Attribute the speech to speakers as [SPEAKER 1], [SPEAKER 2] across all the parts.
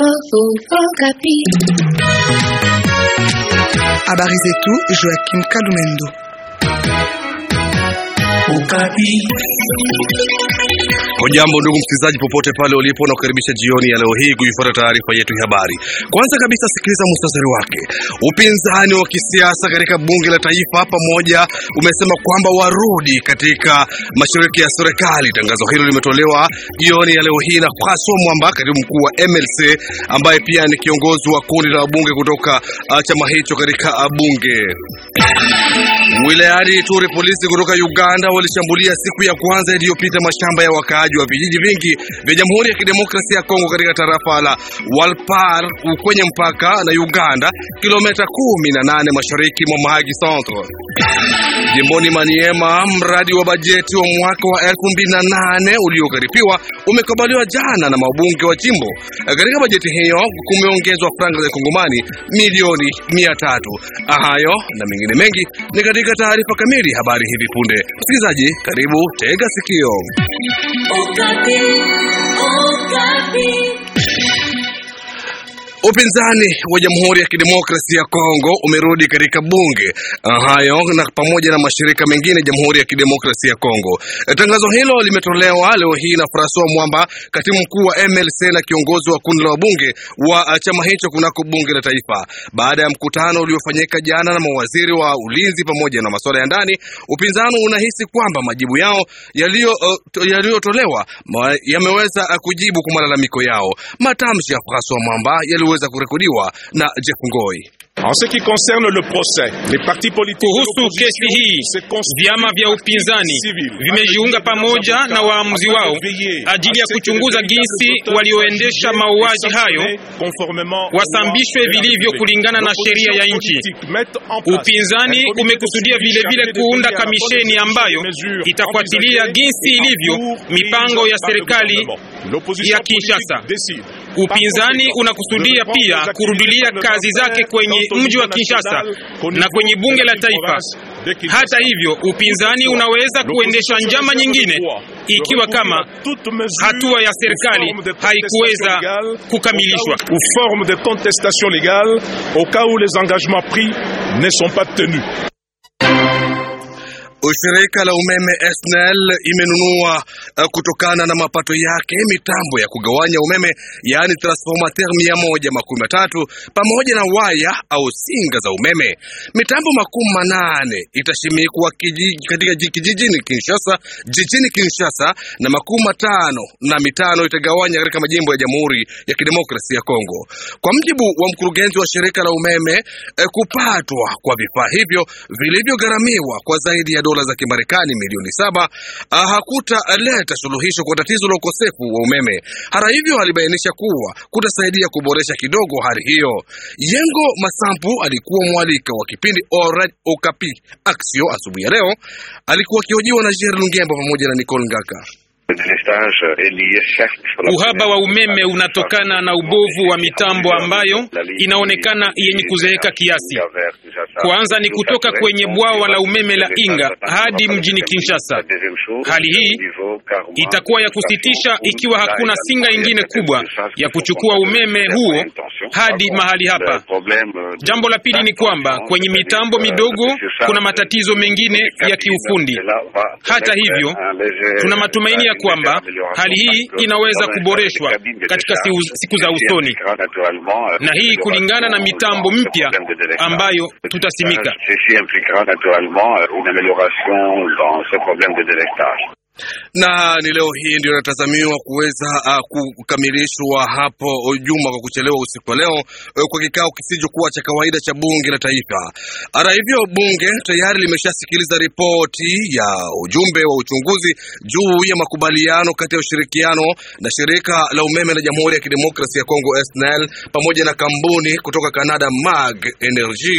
[SPEAKER 1] Oh okapi habari Abarizetu joakim kalumendo capi Hujambo ndugu msikilizaji, popote pale ulipo, na kukaribisha jioni ya leo hii kuifuata taarifa yetu ya habari. Kwanza kabisa, sikiliza mustasari wake. Upinzani wa kisiasa katika bunge la taifa pamoja umesema kwamba warudi katika mashirika ya serikali. Tangazo hilo limetolewa jioni ya leo hii na Kwaso Mwamba, katibu mkuu wa MLC, ambaye pia ni kiongozi wa kundi la wabunge kutoka uh, chama hicho katika uh, bunge Wilayani Ituri, polisi kutoka Uganda walishambulia siku ya kwanza iliyopita mashamba ya wakaaji wa vijiji vingi vya Jamhuri ya Kidemokrasia ya Kongo katika tarafa la Walpar kwenye mpaka na Uganda, kilomita 18 mashariki mwa Mahagi Centre. Jimboni Maniema, mradi wa bajeti wa mwaka wa 2008 uliokaripiwa umekubaliwa jana na mabunge wa jimbo. Katika bajeti hiyo kumeongezwa franga za kongomani milioni 300. Hayo na mengine mengi ni katika taarifa kamili, habari hivi punde. Msikilizaji, karibu tega sikio.
[SPEAKER 2] Okapi, Okapi.
[SPEAKER 1] Upinzani wa Jamhuri ya Kidemokrasia ya Kongo umerudi katika bunge hayo na pamoja na mashirika mengine Jamhuri ya Kidemokrasia ya Kongo. Tangazo hilo limetolewa leo hii na Francois Mwamba, katibu mkuu wa MLC na kiongozi wa kundi la wabunge wa chama hicho kunako bunge la taifa, baada ya mkutano uliofanyika jana na mawaziri wa ulinzi pamoja na masuala ya ndani. Upinzani unahisi kwamba majibu yao uh, yaliyotolewa yameweza uh, kujibu kwa malalamiko yao. Matamshi ya Francois Mwamba yali ulioweza kurekodiwa na Jeff Ngoi. Kuhusu kesi hii, vyama vya upinzani vimejiunga
[SPEAKER 3] pamoja na waamuzi wao ajili ya kuchunguza jinsi walioendesha mauaji hayo wasambishwe vilivyo kulingana na sheria ya nchi.
[SPEAKER 2] Upinzani umekusudia vilevile kuunda kamisheni ambayo itafuatilia jinsi ilivyo mipango ya serikali ya Kinshasa.
[SPEAKER 3] Upinzani unakusudia pia kurudilia kazi zake kwenye mji wa Kinshasa na kwenye bunge la taifa. Hata hivyo, upinzani unaweza kuendesha njama nyingine ikiwa kama hatua ya serikali haikuweza kukamilishwa ou forme de contestation légale au cas où les engagements pris ne
[SPEAKER 2] sont pas tenus.
[SPEAKER 1] Shirika la umeme SNEL imenunua eh, kutokana na mapato yake mitambo ya kugawanya umeme yaani transformateur mia moja makumi matatu pamoja na waya au singa za umeme. Mitambo makumi manane itashimikwa katika kijijini Kinshasa, jijini Kinshasa na makumi matano na mitano itagawanya katika majimbo ya Jamhuri ya Kidemokrasia ya Kongo, kwa mjibu wa mkurugenzi wa shirika la umeme. Eh, kupatwa kwa vifaa hivyo vilivyogharamiwa kwa zaidi ya dola dola za Kimarekani milioni saba ah, hakutaleta suluhisho kwa tatizo la ukosefu wa umeme. Hata hivyo, alibainisha kuwa kutasaidia kuboresha kidogo hali hiyo. Yengo Masampu alikuwa mwalika wa kipindi Okapi Aksio asubuhi ya leo, alikuwa akihojiwa na Jer Lungemba pamoja na Nicole Ngaka.
[SPEAKER 4] Uhaba wa umeme
[SPEAKER 1] unatokana
[SPEAKER 3] na ubovu wa mitambo ambayo inaonekana yenye kuzeeka kiasi. Kwanza ni kutoka kwenye bwawa la umeme la Inga hadi mjini Kinshasa. Hali hii
[SPEAKER 1] itakuwa ya kusitisha ikiwa hakuna singa ingine kubwa ya kuchukua umeme
[SPEAKER 3] huo hadi mahali hapa.
[SPEAKER 5] Jambo la pili ni kwamba
[SPEAKER 3] kwenye mitambo midogo kuna matatizo mengine ya kiufundi.
[SPEAKER 4] Hata hivyo, tuna matumaini ya kwamba hali hii inaweza kuboreshwa katika siku za
[SPEAKER 3] usoni, na hii kulingana na mitambo mpya ambayo tuta
[SPEAKER 4] Ceci impliquera naturellement euh, une amélioration dans ce problème de délestage.
[SPEAKER 1] na ni leo hii ndio inatazamiwa kuweza uh, kukamilishwa hapo juma kwa kuchelewa usiku wa leo uh, kwa kikao kisichokuwa cha kawaida cha bunge la taifa. Hata hivyo, bunge tayari limeshasikiliza ripoti ya ujumbe wa uchunguzi juu ya makubaliano kati ya ushirikiano na shirika la umeme la Jamhuri ya Kidemokrasia ya Kongo SNEL pamoja na kampuni kutoka Canada MAG Energy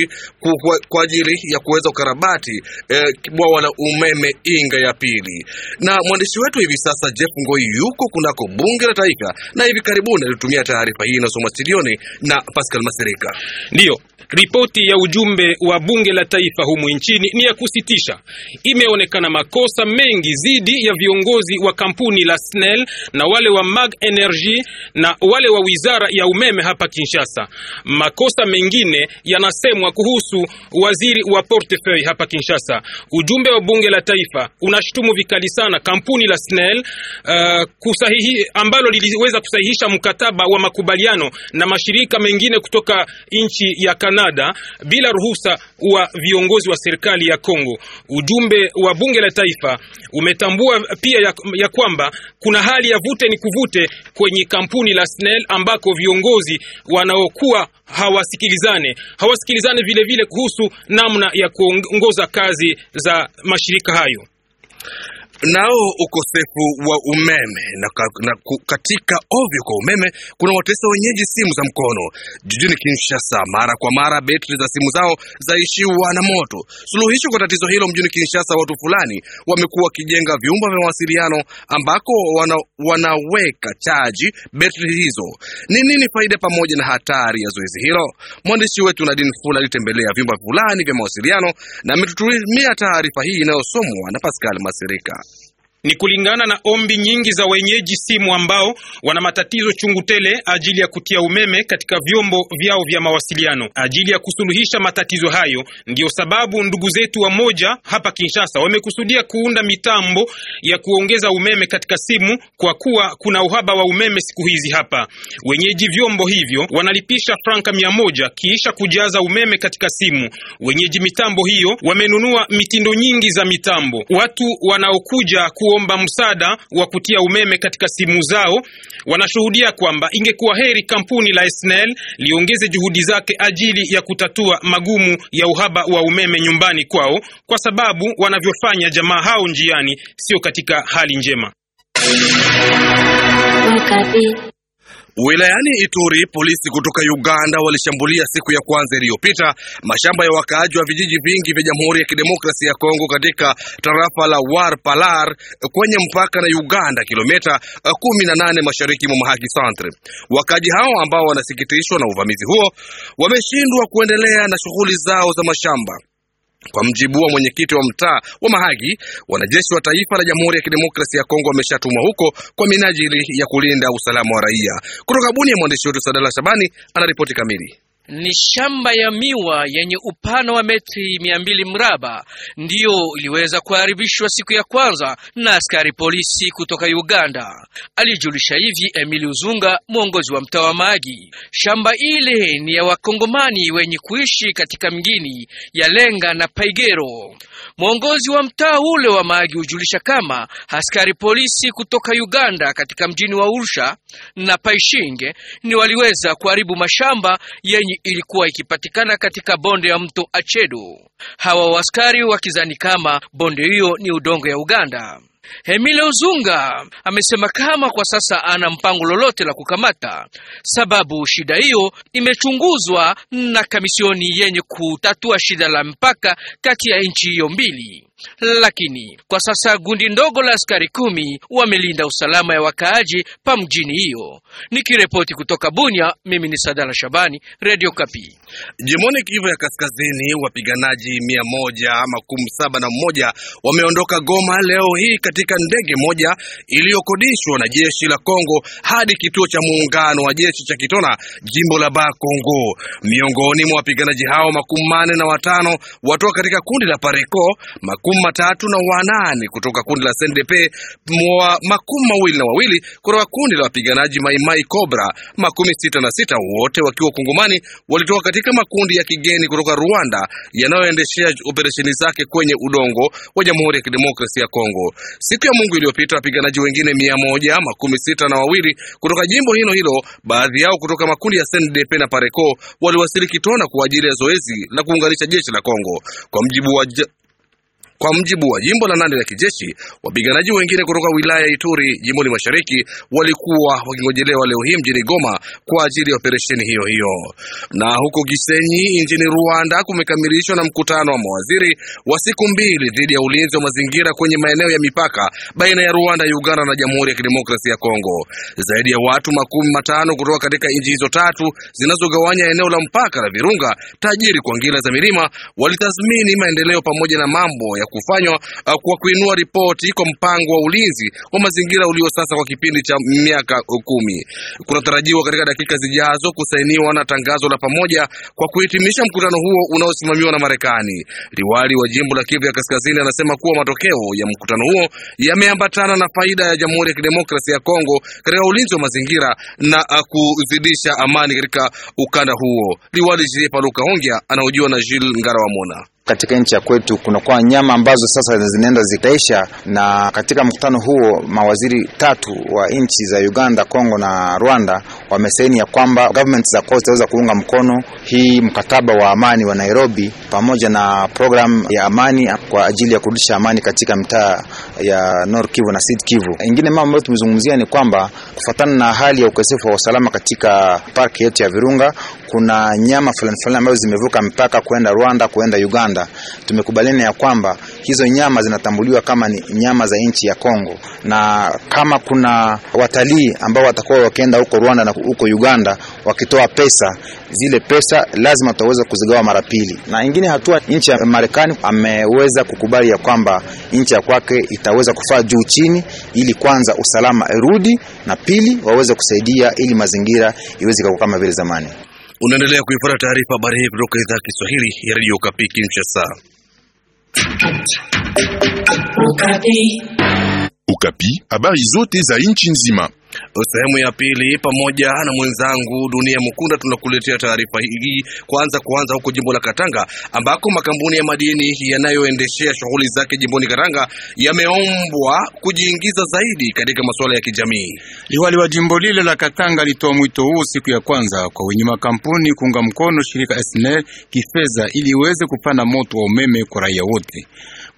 [SPEAKER 1] kwa ajili ya kuweza ukarabati eh, bwawa la umeme Inga ya pili na na mwandishi wetu hivi sasa Jeff Ngoi yuko kunako bunge la taifa, na hivi karibuni alitumia taarifa hii inasoma studioni na Pascal Masereka. Ndiyo Ripoti ya ujumbe wa
[SPEAKER 3] bunge la taifa humu nchini ni ya kusitisha. Imeonekana makosa mengi dhidi ya viongozi wa kampuni la SNEL na wale wa Mag Energy na wale wa wizara ya umeme hapa Kinshasa. Makosa mengine yanasemwa kuhusu waziri wa portefeuille hapa Kinshasa. Ujumbe wa bunge la taifa unashutumu vikali sana kampuni la SNEL uh, kusahihi, ambalo liliweza kusahihisha mkataba wa makubaliano na mashirika mengine kutoka nchi ya Kanada mnada bila ruhusa wa viongozi wa serikali ya Kongo. Ujumbe wa bunge la taifa umetambua pia ya, ya kwamba kuna hali ya vute ni kuvute kwenye kampuni la SNEL ambako viongozi wanaokuwa hawasikilizane hawasikilizane vile vile kuhusu namna ya kuongoza kazi za mashirika hayo. Nao
[SPEAKER 1] ukosefu wa umeme na, na katika ovyo kwa umeme kuna watesa wenyeji simu za mkono jijini Kinshasa. Mara kwa mara betri za simu zao zaishiwa na moto. Suluhisho kwa tatizo hilo mjini Kinshasa, watu fulani wamekuwa wakijenga vyumba vya mawasiliano ambako wana, wanaweka chaji betri hizo. Ni nini faida pamoja na hatari ya zoezi hilo? Mwandishi wetu nadin Fula alitembelea vyumba fulani vya mawasiliano na ametutumia taarifa hii inayosomwa na Pascal Masirika.
[SPEAKER 3] Ni kulingana na ombi nyingi za wenyeji simu ambao wana matatizo chungu tele ajili ya kutia umeme katika vyombo vyao vya mawasiliano ajili ya kusuluhisha matatizo hayo. Ndiyo sababu ndugu zetu wa moja hapa Kinshasa wamekusudia kuunda mitambo ya kuongeza umeme katika simu, kwa kuwa kuna uhaba wa umeme siku hizi hapa. Wenyeji vyombo hivyo wanalipisha franka mia moja kiisha kujaza umeme katika simu. Wenyeji mitambo hiyo wamenunua mitindo nyingi za mitambo. Watu wanaokuja ku kuomba msaada wa kutia umeme katika simu zao, wanashuhudia kwamba ingekuwa heri kampuni la SNEL liongeze juhudi zake ajili ya kutatua magumu ya uhaba wa umeme nyumbani kwao, kwa sababu wanavyofanya jamaa hao njiani sio katika
[SPEAKER 1] hali njema. Wilayani Ituri, polisi kutoka Uganda walishambulia siku ya kwanza iliyopita mashamba ya wakaaji wa vijiji vingi vya Jamhuri ya Kidemokrasia ya Kongo katika tarafa la War Palar kwenye mpaka na Uganda, kilomita 18 eh, mashariki mwa Mahagi Centre. Wakaaji hao ambao wanasikitishwa na uvamizi huo wameshindwa kuendelea na shughuli zao za mashamba. Kwa mjibu wa mwenyekiti wa mtaa wa Mahagi, wanajeshi wa taifa la Jamhuri ya Kidemokrasia ya Kongo wameshatumwa huko kwa minajili ya kulinda usalama wa raia. Kutoka Bunia, mwandishi wetu Sadala Shabani anaripoti kamili
[SPEAKER 2] ni shamba ya miwa yenye upana wa meti mia mbili mraba ndiyo iliweza kuharibishwa siku ya kwanza na askari polisi kutoka Uganda. Alijulisha hivi Emili Uzunga, mwongozi wa mtaa wa Magi. Shamba ile ni ya wakongomani wenye kuishi katika mgini ya Lenga na Paigero. Mwongozi wa mtaa ule wa Magi hujulisha kama askari polisi kutoka Uganda katika mjini wa ursha na Paishinge ni waliweza kuharibu mashamba yenye ilikuwa ikipatikana katika bonde ya mto Achedo. Hawa waskari wakizani kama bonde hiyo ni udongo ya Uganda. Hemile Uzunga amesema kama kwa sasa ana mpango lolote la kukamata, sababu shida hiyo imechunguzwa na kamisioni yenye kutatua shida la mpaka kati ya nchi hiyo mbili lakini kwa sasa gundi ndogo la askari kumi wamelinda usalama ya wakaaji pa mjini hiyo. Nikiripoti kutoka Bunya, mimi ni Sadala Shabani, Radio Kapi. Jimoni Kivu ya Kaskazini, wapiganaji
[SPEAKER 1] mia moja makumi saba na mmoja wameondoka Goma leo hii katika ndege moja iliyokodishwa na jeshi la Kongo hadi kituo cha muungano wa jeshi cha Kitona, jimbo la Ba Kongo. Miongoni mwa wapiganaji hao makumi manne na watano watoka katika kundi la Pareco makumi matatu na wanane kutoka kundi la SNDP, mwa makumi mawili na wawili kutoka kundi la wapiganaji Maimai Cobra, makumi sita na sita wote wakiwa Kongomani, walitoka katika makundi ya kigeni kutoka Rwanda yanayoendeshea operesheni zake kwenye udongo wa Jamhuri ya Kidemokrasia ya Kongo. Siku ya Mungu iliyopita wapiganaji wengine mia moja makumi sita na wawili kutoka jimbo hilo hilo, baadhi yao kutoka makundi ya SNDP na Pareco waliwasili Kitona kwa ajili ya zoezi la kuunganisha jeshi la Kongo kwa mjibu wa kwa mjibu wa jimbo la nandi la kijeshi, wapiganaji wengine kutoka wilaya ya Ituri jimboni mashariki walikuwa wakingojelewa leo hii mjini Goma kwa ajili ya operesheni hiyo hiyo. Na huko Gisenyi nchini Rwanda kumekamilishwa na mkutano wa mawaziri wa siku mbili dhidi ya ulinzi wa mazingira kwenye maeneo ya mipaka baina ya Rwanda, Uganda na Jamhuri ya Kidemokrasia ya Kongo. Zaidi ya watu makumi matano kutoka katika nchi hizo tatu zinazogawanya eneo la mpaka la Virunga tajiri kwa ngila za milima walitathmini maendeleo pamoja na mambo ya kufanywa uh, kwa kuinua ripoti kwa mpango wa ulinzi wa mazingira ulio sasa kwa kipindi cha miaka uh, kumi. Kunatarajiwa katika dakika zijazo kusainiwa na tangazo la pamoja kwa kuhitimisha mkutano huo unaosimamiwa na Marekani. Liwali wa jimbo la Kivu ya Kaskazini anasema kuwa matokeo ya mkutano huo yameambatana na faida ya Jamhuri ya Kidemokrasia ya Kongo katika ulinzi wa mazingira na uh, kuzidisha amani katika ukanda huo. Liwali Jean Paluka Hongya anahojiwa na Jil Ngara Mona
[SPEAKER 6] katika nchi ya kwetu kunakuwa nyama ambazo sasa zinaenda zitaisha. Na katika mkutano huo mawaziri tatu wa nchi za Uganda, Kongo na Rwanda wamesaini ya kwamba government za kwao zitaweza kuunga mkono hii mkataba wa amani wa Nairobi pamoja na programu ya amani kwa ajili ya kurudisha amani katika mtaa ya North Kivu na South Kivu. Ingine mambo ambayo tumezungumzia ni kwamba kufuatana na hali ya ukosefu wa usalama katika parki yetu ya Virunga, kuna nyama fulani fulani ambazo zimevuka mpaka kwenda Rwanda, kwenda Uganda. Tumekubaliana ya kwamba hizo nyama zinatambuliwa kama ni nyama za nchi ya Kongo, na kama kuna watalii ambao watakuwa wakienda huko Rwanda na huko Uganda wakitoa pesa zile pesa lazima utaweza kuzigawa mara pili. Na ingine hatua, nchi ya Marekani ameweza kukubali ya kwamba nchi ya kwake itaweza kufaa juu chini, ili kwanza usalama irudi, na pili waweze kusaidia ili mazingira iweze kuwa
[SPEAKER 1] kama vile zamani. Unaendelea kuipata taarifa habari hii kutoka idhaa ya Kiswahili ya Radio Okapi Kinshasa. Okapi, habari zote za nchi nzima Sehemu ya pili pamoja na mwenzangu Dunia Mkunda tunakuletea taarifa hii kwanza kuanza huko jimbo la Katanga ambako makampuni ya madini yanayoendeshea shughuli zake jimboni Katanga yameombwa kujiingiza zaidi katika masuala ya kijamii.
[SPEAKER 5] Liwali wa jimbo lile la Katanga alitoa mwito huu siku ya kwanza kwa wenye makampuni kuunga mkono shirika SNEL kifedha ili iweze kupana moto wa umeme kwa raia wote.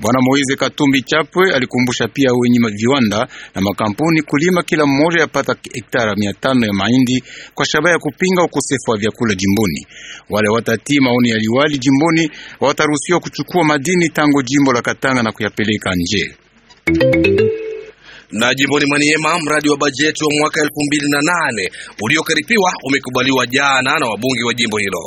[SPEAKER 5] Bwana Moize Katumbi Chapwe alikumbusha pia wenye viwanda na makampuni kulima kila mmoja yapata hektara mia tano ya mahindi kwa shabaha ya kupinga ukosefu wa vyakula jimboni. Wale watatii maoni ya liwali jimboni wataruhusiwa kuchukua madini tangu jimbo la Katanga na kuyapeleka nje.
[SPEAKER 1] Na jimboni Maniema, mradi wa bajeti wa mwaka elfu mbili na nane uliokaripiwa
[SPEAKER 5] umekubaliwa jana na wabunge wa jimbo hilo.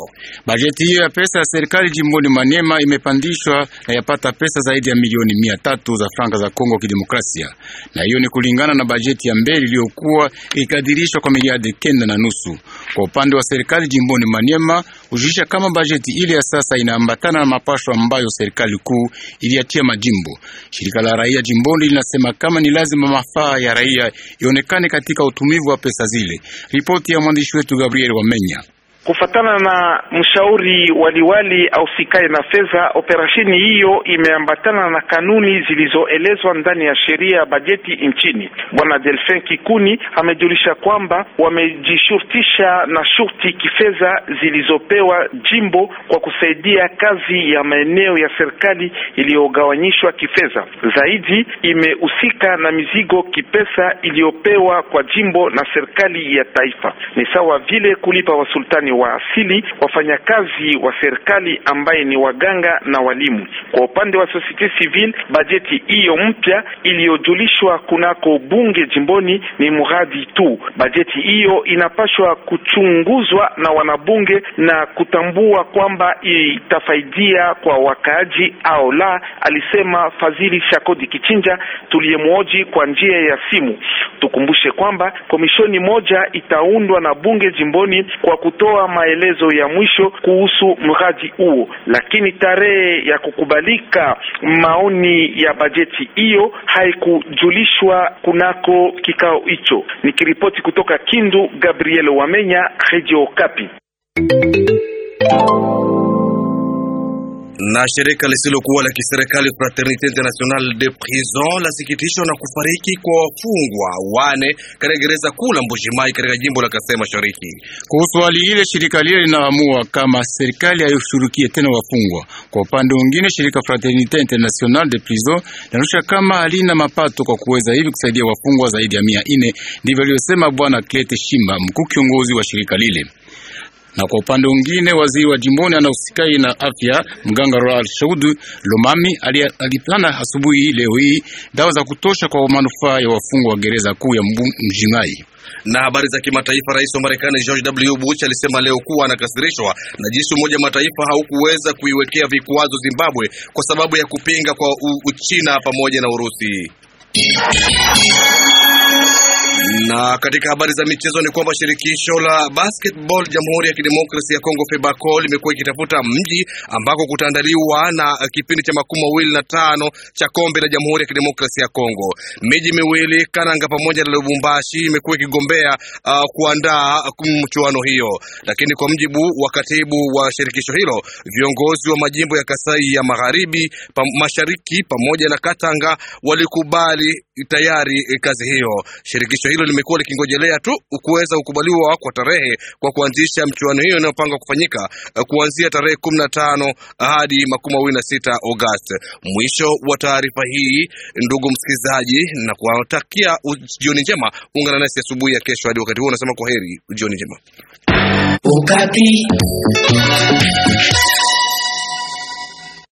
[SPEAKER 5] Bajeti hiyo ya pesa ya serikali jimboni Maniema imepandishwa na yapata pesa zaidi ya milioni mia tatu za franka za Kongo Kidemokrasia, na hiyo ni kulingana na bajeti ya mbele iliyokuwa ikadirishwa kwa miliardi kenda na nusu. Kwa upande wa serikali jimboni Maniema, hujulisha kama bajeti ile ya sasa inaambatana na mapasho ambayo serikali kuu iliyatia majimbo. Shirika la raia jimboni linasema kama ni lazima mafaa ya raia ionekane katika utumivu wa pesa zile. Ripoti ya mwandishi wetu Gabriel Wamenya.
[SPEAKER 4] Kufatana na mshauri waliwali sikai na fedha, operasheni hiyo imeambatana na kanuni zilizoelezwa ndani ya sheria ya bajeti nchini. Bwana Delfin Kikuni amejulisha kwamba wamejishurutisha na shurti kifedha zilizopewa jimbo kwa kusaidia kazi ya maeneo ya serikali iliyogawanyishwa kifedha. Zaidi imehusika na mizigo kipesa iliyopewa kwa jimbo na serikali ya taifa, ni sawa vile kulipa wasultani wa asili, wafanyakazi wa serikali ambaye ni waganga na walimu. Kwa upande wa societe civile, bajeti hiyo mpya iliyojulishwa kunako bunge jimboni ni mradi tu. Bajeti hiyo inapashwa kuchunguzwa na wanabunge na kutambua kwamba itafaidia kwa wakaaji au la, alisema Fadhili Shakodi Kichinja tuliyemwoji kwa njia ya simu. Tukumbushe kwamba komishoni moja itaundwa na bunge jimboni kwa kutoa kutoa maelezo ya mwisho kuhusu mradi huo, lakini tarehe ya kukubalika maoni ya bajeti hiyo haikujulishwa kunako kikao hicho. Nikiripoti kutoka Kindu, Gabriel Wamenya, Radio Kapi.
[SPEAKER 1] Na shirika lisilokuwa la kiserikali Fraternite Internationale de Prison lasikitishwa na kufariki kwa wafungwa wane katika gereza kuu la mbujimai katika jimbo la Kasai Mashariki.
[SPEAKER 5] Kuhusu hali ile, shirika lile linaamua kama serikali haishurukie tena wafungwa. Kwa upande mwingine, shirika Fraternite Internationale de Prison linarusha kama halina mapato kwa kuweza hivi kusaidia wafungwa zaidi ya mia nne. Ndivyo aliyosema Bwana Klete Shimba, mkuu kiongozi wa shirika lile na kwa upande mwingine waziri wa jimboni anahusikai na afya mganga roald Shaudu Lomami alipana asubuhi leo hii dawa za kutosha kwa manufaa ya wafungwa wa gereza kuu ya Mjingai
[SPEAKER 1] na habari za kimataifa, rais wa Marekani George W. Bush alisema leo kuwa anakasirishwa na jinsi Umoja Mataifa haukuweza kuiwekea vikwazo Zimbabwe kwa sababu ya kupinga kwa Uchina pamoja na Urusi. Na katika habari za michezo ni kwamba shirikisho la basketball Jamhuri ya Kidemokrasia ya Kongo FEBACO limekuwa ikitafuta mji ambako kutaandaliwa na kipindi cha makumi mawili na tano cha kombe la Jamhuri ya Kidemokrasia ya Kongo. Miji miwili Kananga pamoja na Lubumbashi imekuwa ikigombea uh, kuandaa mchuano hiyo, lakini kwa mjibu wa katibu wa shirikisho hilo, viongozi wa majimbo ya Kasai ya Magharibi, pa, mashariki pamoja na Katanga walikubali tayari kazi hiyo shirikisho hilo limekuwa likingojelea tu kuweza kukubaliwa kwa tarehe kwa kuanzisha mchuano hiyo inayopangwa kufanyika eh, kuanzia tarehe 15 eh, hadi makumi sita Agosti. Mwisho wa taarifa hii, ndugu msikilizaji, na kuwatakia jioni njema. Ungana nasi asubuhi ya kesho. Hadi wakati huo, unasema kwa heri, jioni njema.
[SPEAKER 2] Ukati.